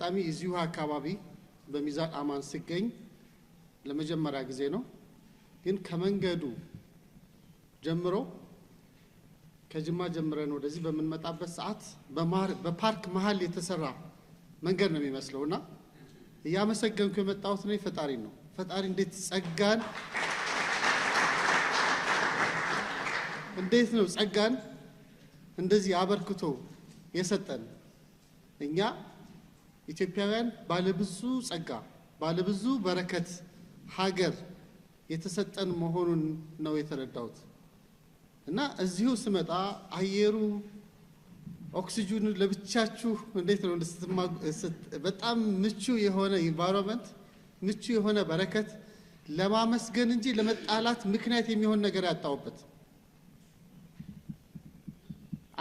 አጋጣሚ እዚሁ አካባቢ በሚዛን አማን ስገኝ ለመጀመሪያ ጊዜ ነው። ግን ከመንገዱ ጀምሮ ከጅማ ጀምረን ወደዚህ በምንመጣበት ሰዓት በፓርክ መሀል የተሰራ መንገድ ነው የሚመስለው እና እያመሰገንኩ የመጣሁት ነው ፈጣሪ ነው። ፈጣሪ እንዴት ጸጋን እንዴት ነው ጸጋን እንደዚህ አበርክቶ የሰጠን እኛ ኢትዮጵያውያን ባለብዙ ጸጋ፣ ባለብዙ በረከት ሀገር የተሰጠን መሆኑን ነው የተረዳሁት እና እዚሁ ስመጣ አየሩ ኦክሲጅኑ ለብቻችሁ እንዴት ነው በጣም ምቹ የሆነ ኢንቫይሮንመንት ምቹ የሆነ በረከት ለማመስገን እንጂ ለመጣላት ምክንያት የሚሆን ነገር ያጣውበት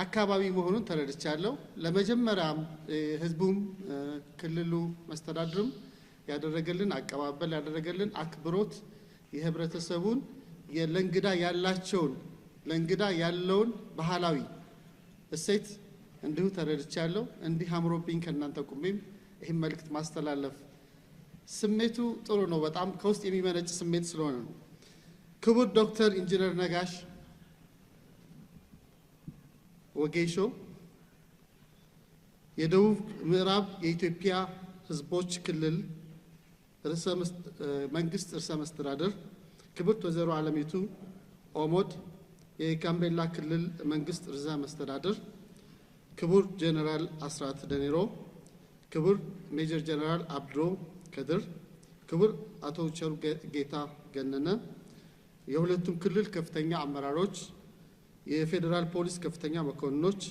አካባቢ መሆኑን ተረድቻለሁ። ለመጀመሪያም ህዝቡም ክልሉ መስተዳድርም ያደረገልን አቀባበል ያደረገልን አክብሮት የህብረተሰቡን ለእንግዳ ያላቸውን ለእንግዳ ያለውን ባህላዊ እሴት እንዲሁ ተረድቻለሁ። እንዲህ አምሮብኝ ከእናንተ ቁሜም ይህም መልእክት ማስተላለፍ ስሜቱ ጥሩ ነው። በጣም ከውስጥ የሚመነጭ ስሜት ስለሆነ ነው። ክቡር ዶክተር ኢንጂነር ነጋሽ ወጌሾ የደቡብ ምዕራብ የኢትዮጵያ ህዝቦች ክልል መንግስት ርዕሰ መስተዳድር፣ ክብርት ወይዘሮ አለሚቱ ኦሞድ የጋምቤላ ክልል መንግስት ርዕሰ መስተዳድር፣ ክቡር ጀነራል አስራት ደኔሮ፣ ክቡር ሜጀር ጀነራል አብዶ ከድር፣ ክቡር አቶ ቸሩ ጌታ ገነነ፣ የሁለቱም ክልል ከፍተኛ አመራሮች የፌዴራል ፖሊስ ከፍተኛ መኮንኖች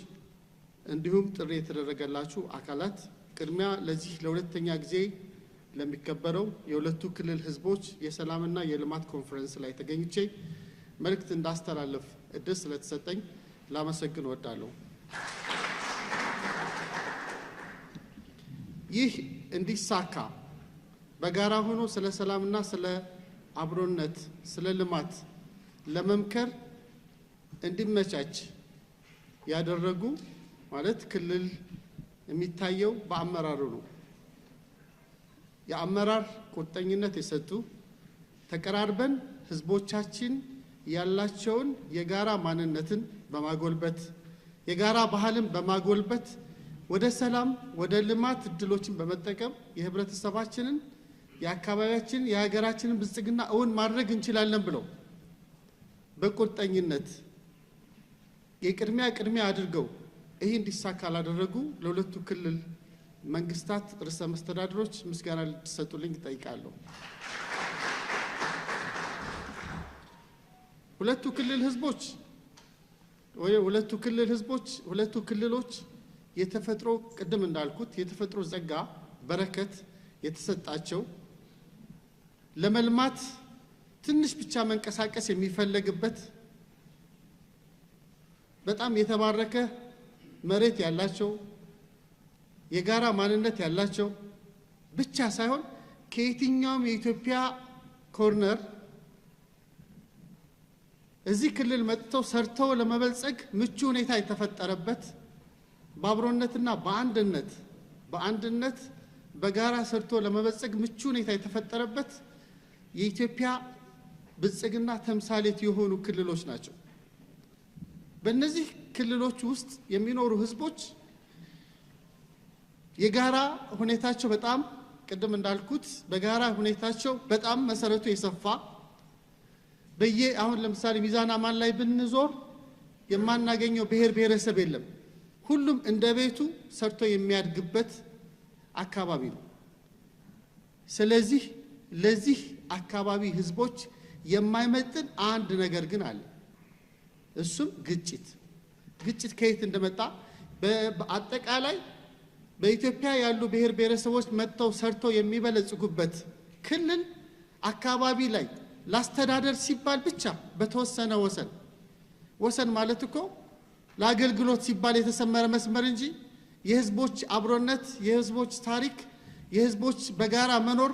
እንዲሁም ጥሪ የተደረገላችሁ አካላት ቅድሚያ ለዚህ ለሁለተኛ ጊዜ ለሚከበረው የሁለቱ ክልል ህዝቦች የሰላምና የልማት ኮንፈረንስ ላይ ተገኝቼ መልእክት እንዳስተላለፍ እድል ስለተሰጠኝ ላመሰግን ወዳለሁ። ይህ እንዲሳካ በጋራ ሆኖ ስለ ሰላምና ስለ አብሮነት፣ ስለ ልማት ለመምከር እንዲመቻች ያደረጉ ማለት ክልል የሚታየው በአመራሩ ነው። የአመራር ቁርጠኝነት የሰጡ ተቀራርበን ህዝቦቻችን ያላቸውን የጋራ ማንነትን በማጎልበት የጋራ ባህልን በማጎልበት ወደ ሰላም ወደ ልማት እድሎችን በመጠቀም የህብረተሰባችንን የአካባቢያችንን የሀገራችንን ብልጽግና እውን ማድረግ እንችላለን ብለው በቁርጠኝነት የቅድሚያ ቅድሚያ አድርገው ይህ እንዲሳካ ላደረጉ ለሁለቱ ክልል መንግስታት ርዕሰ መስተዳድሮች ምስጋና ልትሰጡልኝ ይጠይቃለሁ። ሁለቱ ክልል ህዝቦች ሁለቱ ክልል ህዝቦች ሁለቱ ክልሎች የተፈጥሮ ቅድም እንዳልኩት የተፈጥሮ ጸጋ በረከት የተሰጣቸው ለመልማት ትንሽ ብቻ መንቀሳቀስ የሚፈለግበት በጣም የተባረከ መሬት ያላቸው የጋራ ማንነት ያላቸው ብቻ ሳይሆን ከየትኛውም የኢትዮጵያ ኮርነር እዚህ ክልል መጥተው ሰርተው ለመበልጸግ ምቹ ሁኔታ የተፈጠረበት በአብሮነትና በአንድነት በአንድነት በጋራ ሰርቶ ለመበልጸግ ምቹ ሁኔታ የተፈጠረበት የኢትዮጵያ ብልጽግና ተምሳሌት የሆኑ ክልሎች ናቸው። በእነዚህ ክልሎች ውስጥ የሚኖሩ ህዝቦች የጋራ ሁኔታቸው በጣም ቅድም እንዳልኩት በጋራ ሁኔታቸው በጣም መሰረቱ የሰፋ በየ አሁን ለምሳሌ ሚዛን አማን ላይ ብንዞር የማናገኘው ብሔር ብሔረሰብ የለም። ሁሉም እንደ ቤቱ ሰርቶ የሚያድግበት አካባቢ ነው። ስለዚህ ለዚህ አካባቢ ህዝቦች የማይመጥን አንድ ነገር ግን አለ። እሱም ግጭት። ግጭት ከየት እንደመጣ በአጠቃላይ በኢትዮጵያ ያሉ ብሔር ብሔረሰቦች መጥተው ሰርተው የሚበለጽጉበት ክልል አካባቢ ላይ ላስተዳደር ሲባል ብቻ በተወሰነ ወሰን ወሰን ማለት እኮ ለአገልግሎት ሲባል የተሰመረ መስመር እንጂ የህዝቦች አብሮነት፣ የህዝቦች ታሪክ፣ የህዝቦች በጋራ መኖር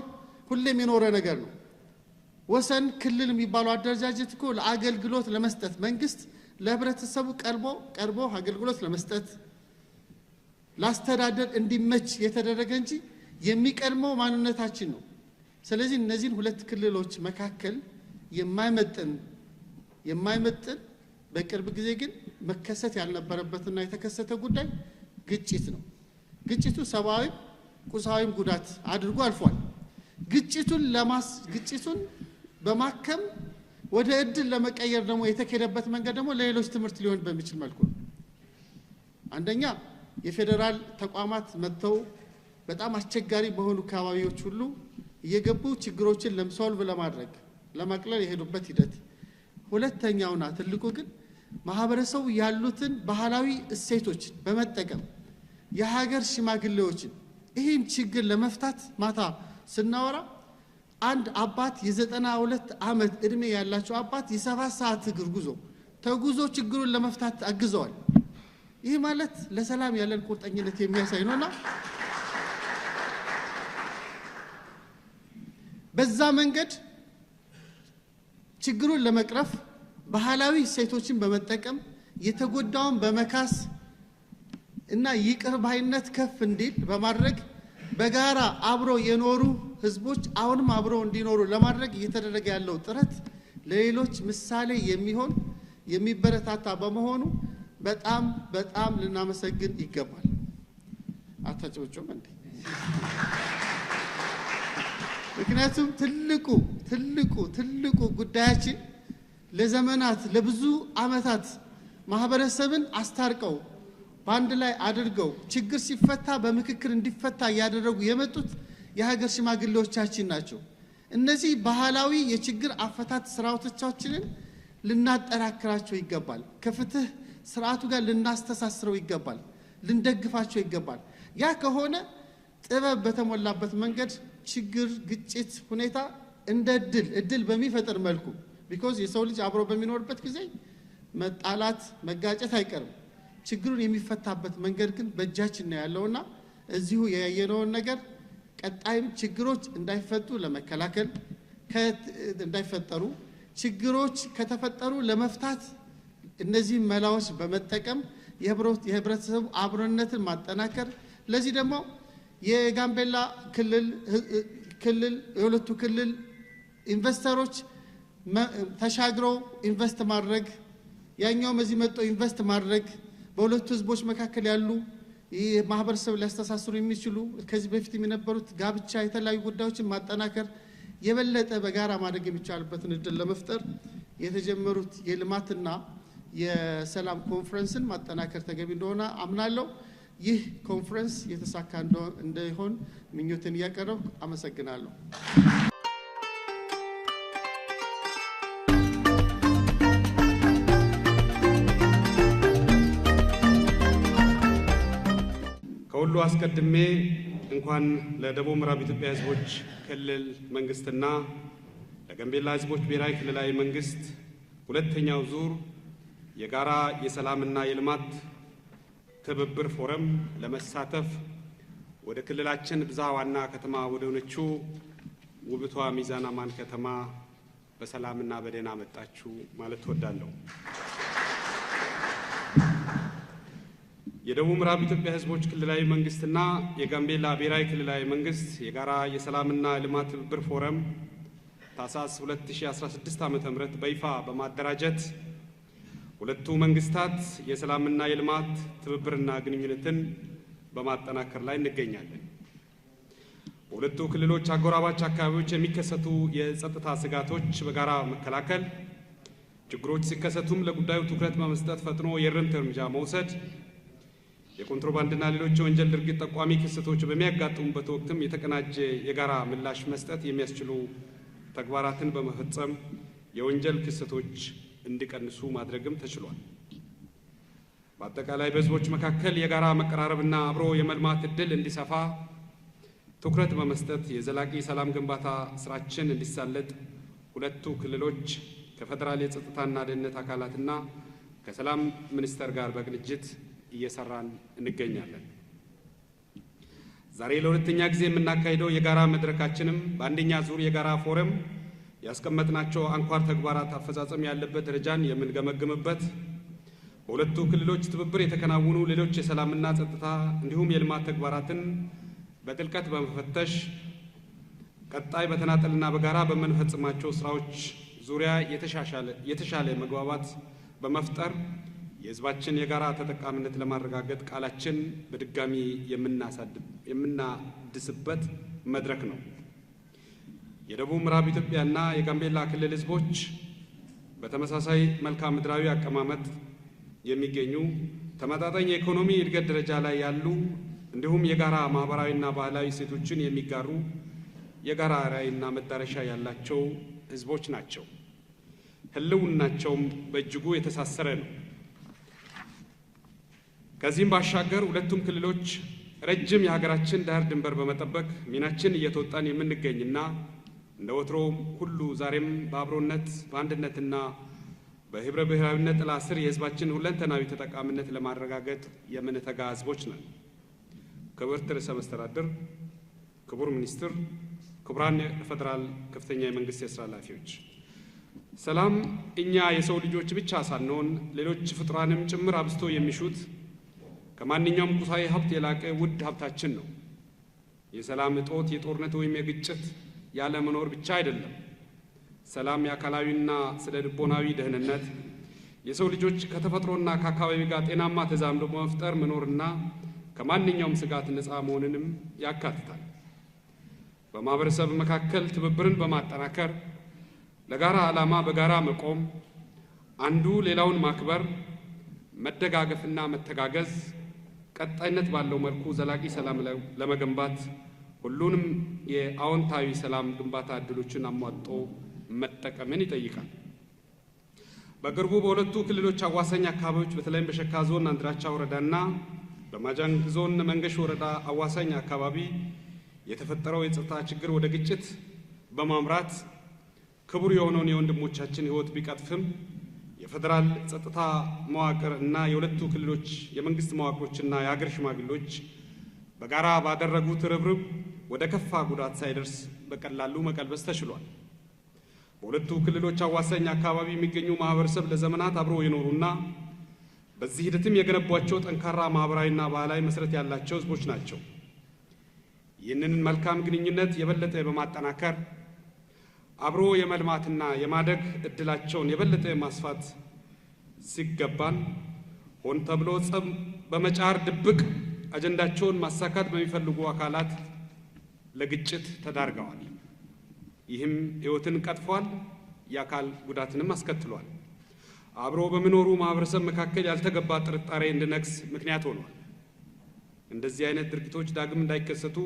ሁሌም የኖረ ነገር ነው። ወሰን ክልል የሚባለው አደረጃጀት እኮ ለአገልግሎት ለመስጠት መንግስት ለህብረተሰቡ ቀርቦ ቀርቦ አገልግሎት ለመስጠት ላስተዳደር እንዲመች የተደረገ እንጂ የሚቀድመው ማንነታችን ነው። ስለዚህ እነዚህን ሁለት ክልሎች መካከል የማይመጥን የማይመጥን በቅርብ ጊዜ ግን መከሰት ያልነበረበትና የተከሰተ ጉዳይ ግጭት ነው። ግጭቱ ሰብአዊም ቁሳዊም ጉዳት አድርጎ አልፏል። ግጭቱን ለማስ ግጭቱን በማከም ወደ እድል ለመቀየር ደግሞ የተካሄደበት መንገድ ደግሞ ለሌሎች ትምህርት ሊሆን በሚችል መልኩ ነው። አንደኛ የፌዴራል ተቋማት መጥተው በጣም አስቸጋሪ በሆኑ አካባቢዎች ሁሉ እየገቡ ችግሮችን ለምሶልቭ ለማድረግ ለማቅለል የሄዱበት ሂደት። ሁለተኛውና ትልቁ ግን ማህበረሰቡ ያሉትን ባህላዊ እሴቶችን በመጠቀም የሀገር ሽማግሌዎችን ይህን ችግር ለመፍታት ማታ ስናወራ አንድ አባት የዘጠና ሁለት ዓመት እድሜ ያላቸው አባት የሰባት ሰዓት እግር ጉዞ ተጉዞ ችግሩን ለመፍታት አግዘዋል። ይህ ማለት ለሰላም ያለን ቁርጠኝነት የሚያሳይ ነውና በዛ መንገድ ችግሩን ለመቅረፍ ባህላዊ እሴቶችን በመጠቀም የተጎዳውን በመካስ እና ይቅር ባይነት ከፍ እንዲል በማድረግ በጋራ አብሮ የኖሩ ህዝቦች አሁንም አብረው እንዲኖሩ ለማድረግ እየተደረገ ያለው ጥረት ለሌሎች ምሳሌ የሚሆን የሚበረታታ በመሆኑ በጣም በጣም ልናመሰግን ይገባል። አታጨብጭም እንዴ? ምክንያቱም ትልቁ ትልቁ ትልቁ ጉዳያችን ለዘመናት ለብዙ ዓመታት ማህበረሰብን አስታርቀው በአንድ ላይ አድርገው ችግር ሲፈታ በምክክር እንዲፈታ እያደረጉ የመጡት የሀገር ሽማግሌዎቻችን ናቸው። እነዚህ ባህላዊ የችግር አፈታት ስርዓቶቻችንን ልናጠናክራቸው ይገባል። ከፍትህ ስርዓቱ ጋር ልናስተሳስረው ይገባል። ልንደግፋቸው ይገባል። ያ ከሆነ ጥበብ በተሞላበት መንገድ ችግር፣ ግጭት ሁኔታ እንደ እድል እድል በሚፈጥር መልኩ ቢኮዝ የሰው ልጅ አብሮ በሚኖርበት ጊዜ መጣላት፣ መጋጨት አይቀርም። ችግሩን የሚፈታበት መንገድ ግን በእጃችን ነው ያለውና እዚሁ ያየነውን ነገር ቀጣይም ችግሮች እንዳይፈቱ ለመከላከል እንዳይፈጠሩ ችግሮች ከተፈጠሩ ለመፍታት እነዚህ መላዎች በመጠቀም የህብረተሰቡ አብሮነትን ማጠናከር። ለዚህ ደግሞ የጋምቤላ ክልል የሁለቱ ክልል ኢንቨስተሮች ተሻግረው ኢንቨስት ማድረግ ያኛውም እዚህ መጥቶ ኢንቨስት ማድረግ በሁለቱ ህዝቦች መካከል ያሉ ይህ ማህበረሰብ ሊያስተሳስሩ የሚችሉ ከዚህ በፊት የነበሩት ጋብቻ፣ የተለያዩ ጉዳዮችን ማጠናከር የበለጠ በጋራ ማድረግ የሚቻልበትን እድል ለመፍጠር የተጀመሩት የልማትና የሰላም ኮንፈረንስን ማጠናከር ተገቢ እንደሆነ አምናለሁ። ይህ ኮንፈረንስ የተሳካ እንደሆን ምኞትን እያቀረብኩ አመሰግናለሁ። ሁሉ አስቀድሜ እንኳን ለደቡብ ምዕራብ ኢትዮጵያ ሕዝቦች ክልል መንግስትና ለገንቤላ ሕዝቦች ብሔራዊ ክልላዊ መንግስት ሁለተኛው ዙር የጋራ የሰላምና የልማት ትብብር ፎረም ለመሳተፍ ወደ ክልላችን ብዛ ዋና ከተማ ወደ ሆነችው ውብቷ ሚዛን አማን ከተማ በሰላምና በደህና መጣችሁ ማለት ትወዳለሁ። የደቡብ ምዕራብ ኢትዮጵያ ህዝቦች ክልላዊ መንግስትና የጋምቤላ ብሔራዊ ክልላዊ መንግስት የጋራ የሰላምና ልማት ትብብር ፎረም ታህሳስ 2016 ዓ.ም በይፋ በማደራጀት ሁለቱ መንግስታት የሰላምና የልማት ትብብርና ግንኙነትን በማጠናከር ላይ እንገኛለን። በሁለቱ ክልሎች አጎራባች አካባቢዎች የሚከሰቱ የጸጥታ ስጋቶች በጋራ መከላከል፣ ችግሮች ሲከሰቱም ለጉዳዩ ትኩረት በመስጠት ፈጥኖ የእርምት እርምጃ መውሰድ የኮንትሮባንድና ሌሎች የወንጀል ድርጊት ጠቋሚ ክስተቶች በሚያጋጥሙበት ወቅትም የተቀናጀ የጋራ ምላሽ መስጠት የሚያስችሉ ተግባራትን በመፈጸም የወንጀል ክስተቶች እንዲቀንሱ ማድረግም ተችሏል። በአጠቃላይ በህዝቦች መካከል የጋራ መቀራረብና አብሮ የመልማት ዕድል እንዲሰፋ ትኩረት በመስጠት የዘላቂ ሰላም ግንባታ ስራችን እንዲሳለጥ ሁለቱ ክልሎች ከፌዴራል የጸጥታና ደህንነት አካላትና ከሰላም ሚኒስቴር ጋር በቅንጅት እየሰራን እንገኛለን። ዛሬ ለሁለተኛ ጊዜ የምናካሄደው የጋራ መድረካችንም በአንደኛ ዙር የጋራ ፎረም ያስቀመጥናቸው አንኳር ተግባራት አፈጻጸም ያለበት ደረጃን የምንገመግምበት በሁለቱ ክልሎች ትብብር የተከናወኑ ሌሎች የሰላምና ጸጥታ እንዲሁም የልማት ተግባራትን በጥልቀት በመፈተሽ ቀጣይ በተናጠልና በጋራ በምንፈጽማቸው ስራዎች ዙሪያ የተሻለ መግባባት በመፍጠር የህዝባችን የጋራ ተጠቃሚነት ለማረጋገጥ ቃላችን በድጋሚ የምናድስበት መድረክ ነው። የደቡብ ምዕራብ ኢትዮጵያና የጋምቤላ ክልል ህዝቦች በተመሳሳይ መልክዓ ምድራዊ አቀማመጥ የሚገኙ ተመጣጣኝ የኢኮኖሚ እድገት ደረጃ ላይ ያሉ እንዲሁም የጋራ ማህበራዊና ባህላዊ እሴቶችን የሚጋሩ የጋራ ራዕይና መዳረሻ ያላቸው ህዝቦች ናቸው። ህልውናቸውም በእጅጉ የተሳሰረ ነው። ከዚህም ባሻገር ሁለቱም ክልሎች ረጅም የሀገራችን ዳር ድንበር በመጠበቅ ሚናችን እየተወጣን የምንገኝና እንደ ወትሮውም ሁሉ ዛሬም በአብሮነት በአንድነትና በህብረ ብሔራዊነት ጥላ ስር የህዝባችን ሁለንተናዊ ተጠቃሚነት ለማረጋገጥ የምንተጋ ህዝቦች ነን። ክብርት ርዕሰ መስተዳድር፣ ክቡር ሚኒስትር፣ ክቡራን ፌዴራል ከፍተኛ የመንግስት የስራ ኃላፊዎች፣ ሰላም እኛ የሰው ልጆች ብቻ ሳንሆን ሌሎች ፍጡራንም ጭምር አብዝቶ የሚሹት ከማንኛውም ቁሳዊ ሀብት የላቀ ውድ ሀብታችን ነው። የሰላም እጦት የጦርነት ወይም የግጭት ያለመኖር ብቻ አይደለም። ሰላም የአካላዊና ስነ ልቦናዊ ደህንነት፣ የሰው ልጆች ከተፈጥሮና ከአካባቢ ጋር ጤናማ ተዛምዶ በመፍጠር መኖርና ከማንኛውም ስጋት ነፃ መሆንንም ያካትታል። በማህበረሰብ መካከል ትብብርን በማጠናከር ለጋራ ዓላማ በጋራ መቆም፣ አንዱ ሌላውን ማክበር፣ መደጋገፍና መተጋገዝ ቀጣይነት ባለው መልኩ ዘላቂ ሰላም ለመገንባት ሁሉንም የአዎንታዊ ሰላም ግንባታ እድሎችን አሟጦ መጠቀምን ይጠይቃል። በቅርቡ በሁለቱ ክልሎች አዋሳኝ አካባቢዎች በተለይም በሸካ ዞን አንድራቻ ወረዳና በማጃንግ ዞን መንገሽ ወረዳ አዋሳኝ አካባቢ የተፈጠረው የጸጥታ ችግር ወደ ግጭት በማምራት ክቡር የሆነውን የወንድሞቻችን ሕይወት ቢቀጥፍም የፌዴራል ጸጥታ መዋቅር እና የሁለቱ ክልሎች የመንግስት መዋቅሮችና የአገር ሽማግሌዎች በጋራ ባደረጉት ርብርብ ወደ ከፋ ጉዳት ሳይደርስ በቀላሉ መቀልበስ ተችሏል። በሁለቱ ክልሎች አዋሳኝ አካባቢ የሚገኙ ማህበረሰብ ለዘመናት አብሮ የኖሩና በዚህ ሂደትም የገነቧቸው ጠንካራ ማህበራዊና ባህላዊ መሰረት ያላቸው ህዝቦች ናቸው። ይህንን መልካም ግንኙነት የበለጠ በማጠናከር አብሮ የመልማትና የማደግ እድላቸውን የበለጠ ማስፋት ሲገባን ሆን ተብሎ ጸብ በመጫር ድብቅ አጀንዳቸውን ማሳካት በሚፈልጉ አካላት ለግጭት ተዳርገዋል። ይህም ሕይወትን ቀጥፏል፣ የአካል ጉዳትንም አስከትሏል። አብሮ በሚኖሩ ማህበረሰብ መካከል ያልተገባ ጥርጣሬ እንዲነግስ ምክንያት ሆኗል። እንደዚህ አይነት ድርጊቶች ዳግም እንዳይከሰቱ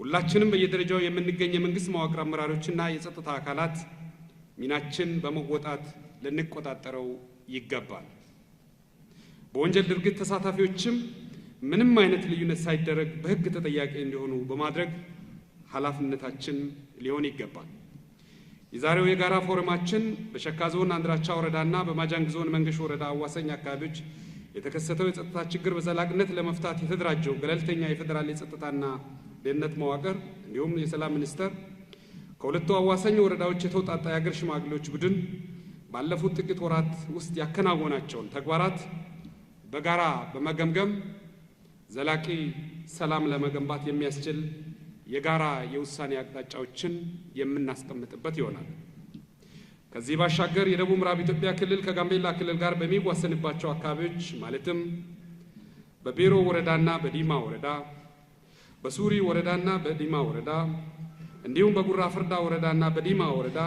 ሁላችንም በየደረጃው የምንገኝ የመንግስት መዋቅር አመራሮችና የጸጥታ አካላት ሚናችን በመወጣት ልንቆጣጠረው ይገባል። በወንጀል ድርጊት ተሳታፊዎችም ምንም አይነት ልዩነት ሳይደረግ በህግ ተጠያቂ እንዲሆኑ በማድረግ ኃላፊነታችን ሊሆን ይገባል። የዛሬው የጋራ ፎረማችን በሸካ ዞን አንድራቻ ወረዳና በማጃንግ ዞን መንገሽ ወረዳ አዋሳኝ አካባቢዎች የተከሰተው የጸጥታ ችግር በዘላቅነት ለመፍታት የተደራጀው ገለልተኛ የፌዴራል የጸጥታና ደህንነት መዋቅር እንዲሁም የሰላም ሚኒስቴር ከሁለቱ አዋሳኝ ወረዳዎች የተውጣጣ የሀገር ሽማግሌዎች ቡድን ባለፉት ጥቂት ወራት ውስጥ ያከናወናቸውን ተግባራት በጋራ በመገምገም ዘላቂ ሰላም ለመገንባት የሚያስችል የጋራ የውሳኔ አቅጣጫዎችን የምናስቀምጥበት ይሆናል። ከዚህ ባሻገር የደቡብ ምዕራብ ኢትዮጵያ ክልል ከጋምቤላ ክልል ጋር በሚዋሰንባቸው አካባቢዎች ማለትም በቤሮ ወረዳና በዲማ ወረዳ በሱሪ ወረዳና በዲማ ወረዳ እንዲሁም በጉራ ፍርዳ ወረዳና በዲማ ወረዳ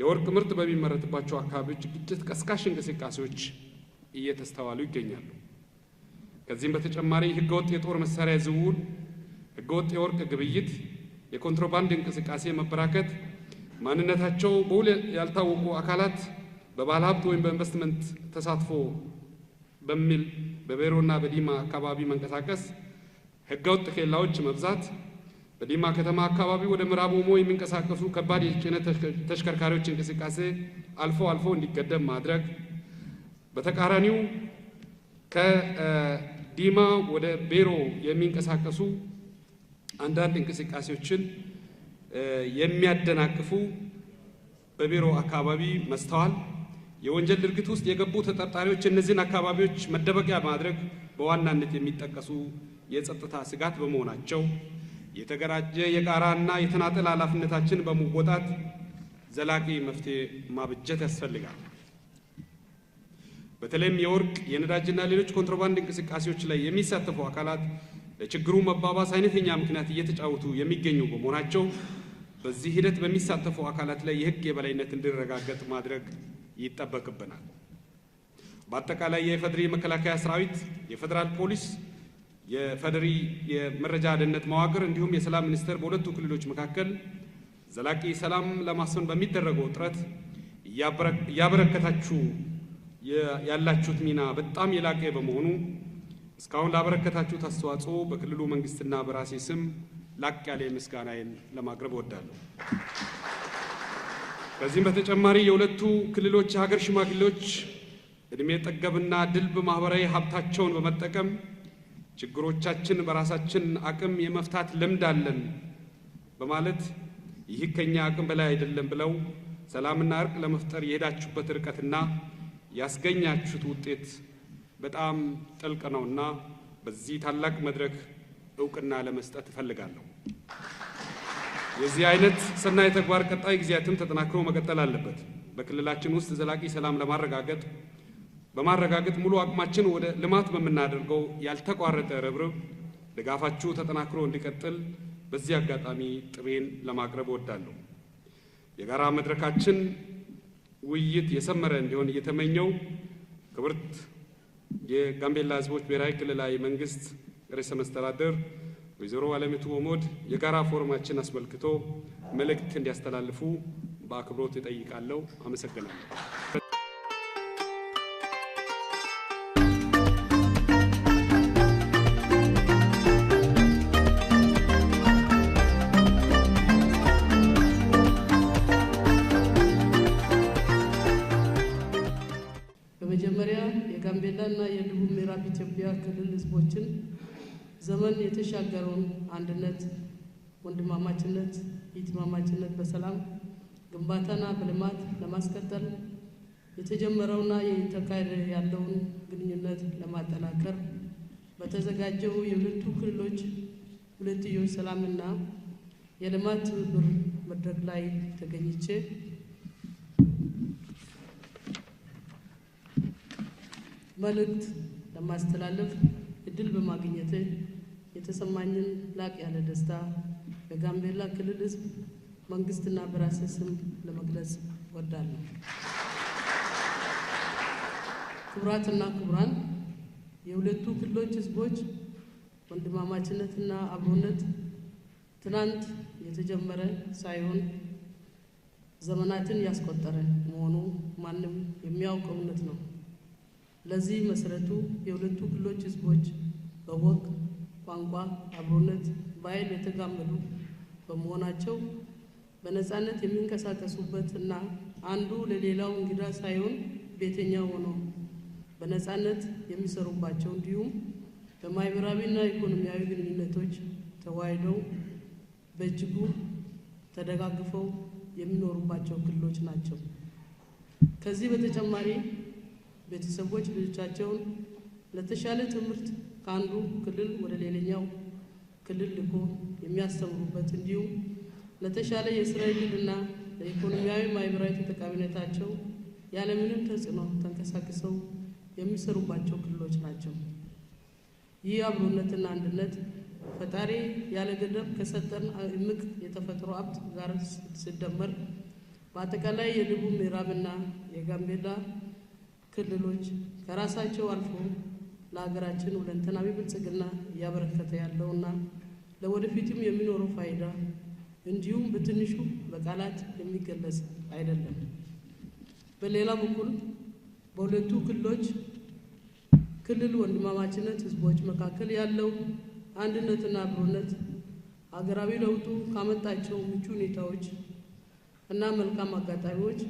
የወርቅ ምርት በሚመረትባቸው አካባቢዎች ግጭት ቀስቃሽ እንቅስቃሴዎች እየተስተዋሉ ይገኛሉ። ከዚህም በተጨማሪ ህገወጥ የጦር መሳሪያ ዝውውር፣ ህገወጥ የወርቅ ግብይት፣ የኮንትሮባንድ እንቅስቃሴ መበራከት፣ ማንነታቸው በውል ያልታወቁ አካላት በባለሀብት ሀብት ወይም በኢንቨስትመንት ተሳትፎ በሚል በቤሮና በዲማ አካባቢ መንቀሳቀስ ህገወጥ ኬላዎች መብዛት፣ በዲማ ከተማ አካባቢ ወደ ምዕራብ ኦሞ የሚንቀሳቀሱ ከባድ የጭነት ተሽከርካሪዎች እንቅስቃሴ አልፎ አልፎ እንዲገደብ ማድረግ፣ በተቃራኒው ከዲማ ወደ ቤሮ የሚንቀሳቀሱ አንዳንድ እንቅስቃሴዎችን የሚያደናቅፉ በቢሮ አካባቢ መስተዋል። የወንጀል ድርጊት ውስጥ የገቡ ተጠርጣሪዎች እነዚህን አካባቢዎች መደበቂያ ማድረግ በዋናነት የሚጠቀሱ የጸጥታ ስጋት በመሆናቸው የተገራጀ የጋራና የተናጠል ኃላፊነታችን በመወጣት ዘላቂ መፍትሄ ማብጀት ያስፈልጋል። በተለይም የወርቅ የነዳጅና ሌሎች ኮንትሮባንድ እንቅስቃሴዎች ላይ የሚሳተፉ አካላት ለችግሩ መባባስ አይነተኛ ምክንያት እየተጫወቱ የሚገኙ በመሆናቸው በዚህ ሂደት በሚሳተፉ አካላት ላይ የሕግ የበላይነት እንዲረጋገጥ ማድረግ ይጠበቅብናል። በአጠቃላይ የኢፌዴሪ መከላከያ ሰራዊት፣ የፌዴራል ፖሊስ የፈደሪ የመረጃ ደህንነት መዋቅር እንዲሁም የሰላም ሚኒስቴር በሁለቱ ክልሎች መካከል ዘላቂ ሰላም ለማስፈን በሚደረገው ጥረት እያበረከታችሁ ያላችሁት ሚና በጣም የላቀ በመሆኑ እስካሁን ላበረከታችሁት አስተዋጽኦ በክልሉ መንግስትና በራሴ ስም ላቅ ያለ ምስጋናዬን ለማቅረብ እወዳለሁ። ከዚህም በተጨማሪ የሁለቱ ክልሎች የሀገር ሽማግሌዎች እድሜ ጠገብና ድልብ ማህበራዊ ሀብታቸውን በመጠቀም ችግሮቻችን በራሳችን አቅም የመፍታት ልምድ አለን በማለት ይህ ከኛ አቅም በላይ አይደለም ብለው ሰላምና እርቅ ለመፍጠር የሄዳችሁበት ርቀትና ያስገኛችሁት ውጤት በጣም ጥልቅ ነውና በዚህ ታላቅ መድረክ እውቅና ለመስጠት እፈልጋለሁ። የዚህ አይነት ሰናይ ተግባር ቀጣይ ጊዜያትም ተጠናክሮ መቀጠል አለበት። በክልላችን ውስጥ ዘላቂ ሰላም ለማረጋገጥ በማረጋገጥ ሙሉ አቅማችን ወደ ልማት በምናደርገው ያልተቋረጠ ርብርብ ድጋፋችሁ ተጠናክሮ እንዲቀጥል በዚህ አጋጣሚ ጥሬን ለማቅረብ እወዳለሁ። የጋራ መድረካችን ውይይት የሰመረ እንዲሆን እየተመኘው ክብርት የጋምቤላ ሕዝቦች ብሔራዊ ክልላዊ መንግስት ርዕሰ መስተዳድር ወይዘሮ አለሚቱ ወሞድ የጋራ ፎረማችን አስመልክቶ መልእክት እንዲያስተላልፉ በአክብሮት እጠይቃለሁ። አመሰግናለሁ። ዘመን የተሻገረውን አንድነት፣ ወንድማማችነት፣ ይትማማችነት በሰላም ግንባታና በልማት ለማስቀጠል የተጀመረውና የተካሄደ ያለውን ግንኙነት ለማጠናከር በተዘጋጀው የሁለቱ ክልሎች ሁለትዮሽ ሰላምና የልማት ትብብር መድረክ ላይ ተገኝቼ መልእክት ለማስተላለፍ እድል በማግኘት የተሰማኝን ላቅ ያለ ደስታ በጋምቤላ ክልል ህዝብ መንግስትና በራሴ ስም ለመግለጽ ወዳለሁ። ክቡራትና ክቡራን፣ የሁለቱ ክልሎች ህዝቦች ወንድማማችነትና አብሮነት ትናንት የተጀመረ ሳይሆን ዘመናትን ያስቆጠረ መሆኑ ማንም የሚያውቀውነት እውነት ነው። ለዚህ መሰረቱ የሁለቱ ክልሎች ህዝቦች በቦክ ቋንቋ አብሮነት በኃይል የተጋመዱ በመሆናቸው በነፃነት የሚንቀሳቀሱበት እና አንዱ ለሌላው እንግዳ ሳይሆን ቤተኛ ሆነው በነፃነት የሚሰሩባቸው እንዲሁም በማህበራዊና ኢኮኖሚያዊ ግንኙነቶች ተዋህደው በእጅጉ ተደጋግፈው የሚኖሩባቸው ክልሎች ናቸው። ከዚህ በተጨማሪ ቤተሰቦች ልጆቻቸውን ለተሻለ ትምህርት ከአንዱ ክልል ወደ ሌላኛው ክልል ልኮ የሚያስተምሩበት እንዲሁም ለተሻለ የስራ ዕድልና ለኢኮኖሚያዊ ማህበራዊ ተጠቃሚነታቸው ያለምንም ተጽዕኖ ተንቀሳቅሰው የሚሰሩባቸው ክልሎች ናቸው። ይህ አብሮነትና አንድነት ፈጣሪ ያለ ገደብ ከሰጠን እምቅ የተፈጥሮ ሀብት ጋር ሲደመር በአጠቃላይ የደቡብ ምዕራብና የጋምቤላ ክልሎች ከራሳቸው አልፎ ለሀገራችን ሁለንተናዊ ብልጽግና እያበረከተ ያለውና ለወደፊትም የሚኖረው ፋይዳ እንዲሁም በትንሹ በቃላት የሚገለጽ አይደለም። በሌላ በኩል በሁለቱ ክልሎች ክልል ወንድማማችነት ህዝቦች መካከል ያለው አንድነትና አብሮነት ሀገራዊ ለውጡ ካመጣቸው ምቹ ሁኔታዎች እና መልካም አጋጣሚዎች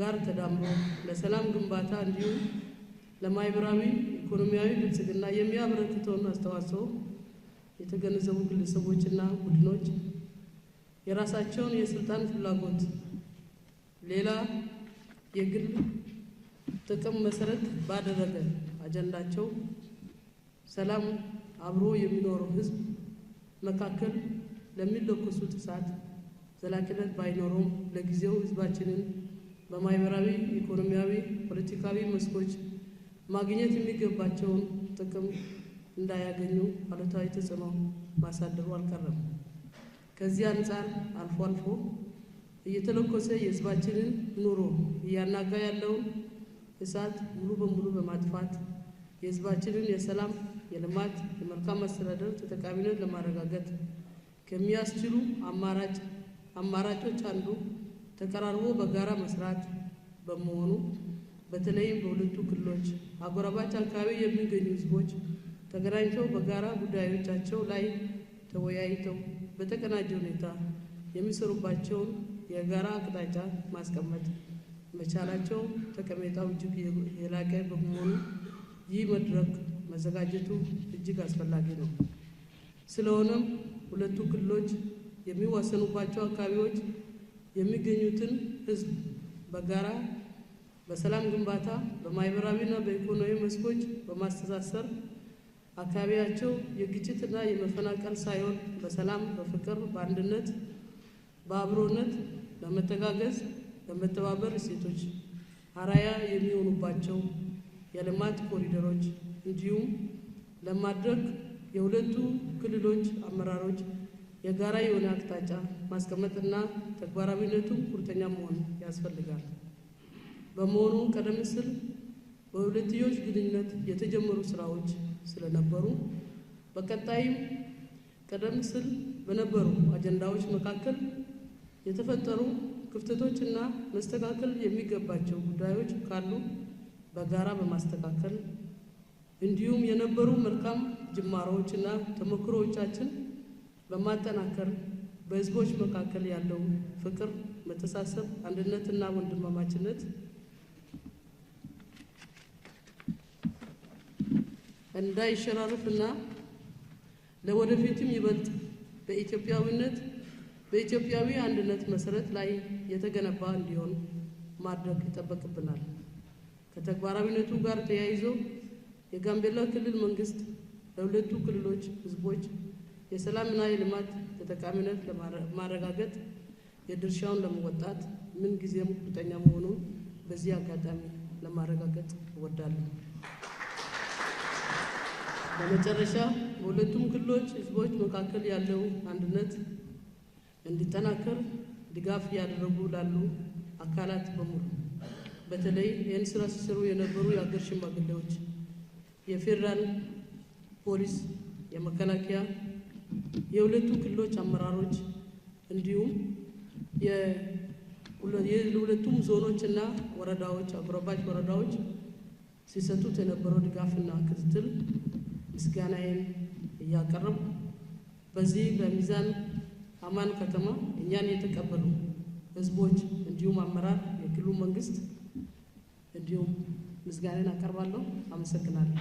ጋር ተዳምሮ ለሰላም ግንባታ እንዲሁም ለማህበራዊ ኢኮኖሚያዊ ብልጽግና የሚያበረክተውን አስተዋጽኦ የተገነዘቡ ግለሰቦችና ቡድኖች የራሳቸውን የስልጣን ፍላጎት ሌላ የግል ጥቅም መሰረት ባደረገ አጀንዳቸው ሰላም አብሮ የሚኖረው ህዝብ መካከል ለሚለኮሱት እሳት ዘላቂነት ባይኖረውም ለጊዜው ህዝባችንን በማህበራዊ ኢኮኖሚያዊ፣ ፖለቲካዊ መስኮች ማግኘት የሚገባቸውን ጥቅም እንዳያገኙ አሉታዊ ተጽዕኖ ማሳደሩ አልቀረም። ከዚህ አንጻር አልፎ አልፎ እየተለኮሰ የሕዝባችንን ኑሮ እያናጋ ያለውን እሳት ሙሉ በሙሉ በማጥፋት የሕዝባችንን የሰላም፣ የልማት፣ የመልካም መስተዳደር ተጠቃሚነት ለማረጋገጥ ከሚያስችሉ አማራጭ አማራጮች አንዱ ተቀራርቦ በጋራ መስራት በመሆኑ በተለይም በሁለቱ ክልሎች አጎራባች አካባቢ የሚገኙ ህዝቦች ተገናኝተው በጋራ ጉዳዮቻቸው ላይ ተወያይተው በተቀናጀ ሁኔታ የሚሰሩባቸውን የጋራ አቅጣጫ ማስቀመጥ መቻላቸው ጠቀሜታው እጅግ የላቀ በመሆኑ ይህ መድረክ መዘጋጀቱ እጅግ አስፈላጊ ነው። ስለሆነም ሁለቱ ክልሎች የሚዋሰኑባቸው አካባቢዎች የሚገኙትን ህዝብ በጋራ በሰላም ግንባታ በማህበራዊና በኢኮኖሚ መስኮች በማስተሳሰር አካባቢያቸው የግጭትና የመፈናቀል ሳይሆን በሰላም፣ በፍቅር፣ በአንድነት፣ በአብሮነት፣ በመተጋገዝ፣ በመተባበር እሴቶች አራያ የሚሆኑባቸው የልማት ኮሪደሮች እንዲሁም ለማድረግ የሁለቱ ክልሎች አመራሮች የጋራ የሆነ አቅጣጫ ማስቀመጥና ተግባራዊነቱ ቁርጠኛ መሆን ያስፈልጋል። በመሆኑ ቀደም ሲል በሁለትዮሽ ግንኙነት የተጀመሩ ስራዎች ስለነበሩ በቀጣይም ቀደም ሲል በነበሩ አጀንዳዎች መካከል የተፈጠሩ ክፍተቶችና መስተካከል የሚገባቸው ጉዳዮች ካሉ በጋራ በማስተካከል እንዲሁም የነበሩ መልካም እና ተሞክሮዎቻችን በማጠናከር በህዝቦች መካከል ያለው ፍቅር፣ መተሳሰብ፣ አንድነትና ወንድማማችነት እንዳይሸራረፍና ለወደፊትም ይበልጥ በኢትዮጵያዊነት በኢትዮጵያዊ አንድነት መሰረት ላይ የተገነባ እንዲሆን ማድረግ ይጠበቅብናል። ከተግባራዊነቱ ጋር ተያይዞ የጋምቤላ ክልል መንግስት ለሁለቱ ክልሎች ህዝቦች የሰላምና የልማት ተጠቃሚነት ለማረጋገጥ የድርሻውን ለመወጣት ምን ጊዜም ቁርጠኛ መሆኑን በዚህ አጋጣሚ ለማረጋገጥ እወዳለሁ። በመጨረሻ በሁለቱም ክልሎች ህዝቦች መካከል ያለው አንድነት እንዲጠናከር ድጋፍ እያደረጉ ላሉ አካላት በሙሉ በተለይ ይህን ስራ ሲሰሩ የነበሩ የአገር ሽማግሌዎች፣ የፌዴራል ፖሊስ፣ የመከላከያ፣ የሁለቱ ክልሎች አመራሮች እንዲሁም የሁለቱም ዞኖች እና ወረዳዎች አጎራባች ወረዳዎች ሲሰጡት የነበረው ድጋፍና ክትትል ምስጋናዬን እያቀረቡ በዚህ በሚዛን አማን ከተማ እኛን የተቀበሉ ህዝቦች እንዲሁም አመራር፣ የክልሉ መንግስት እንዲሁም ምስጋናን አቀርባለሁ። አመሰግናለሁ።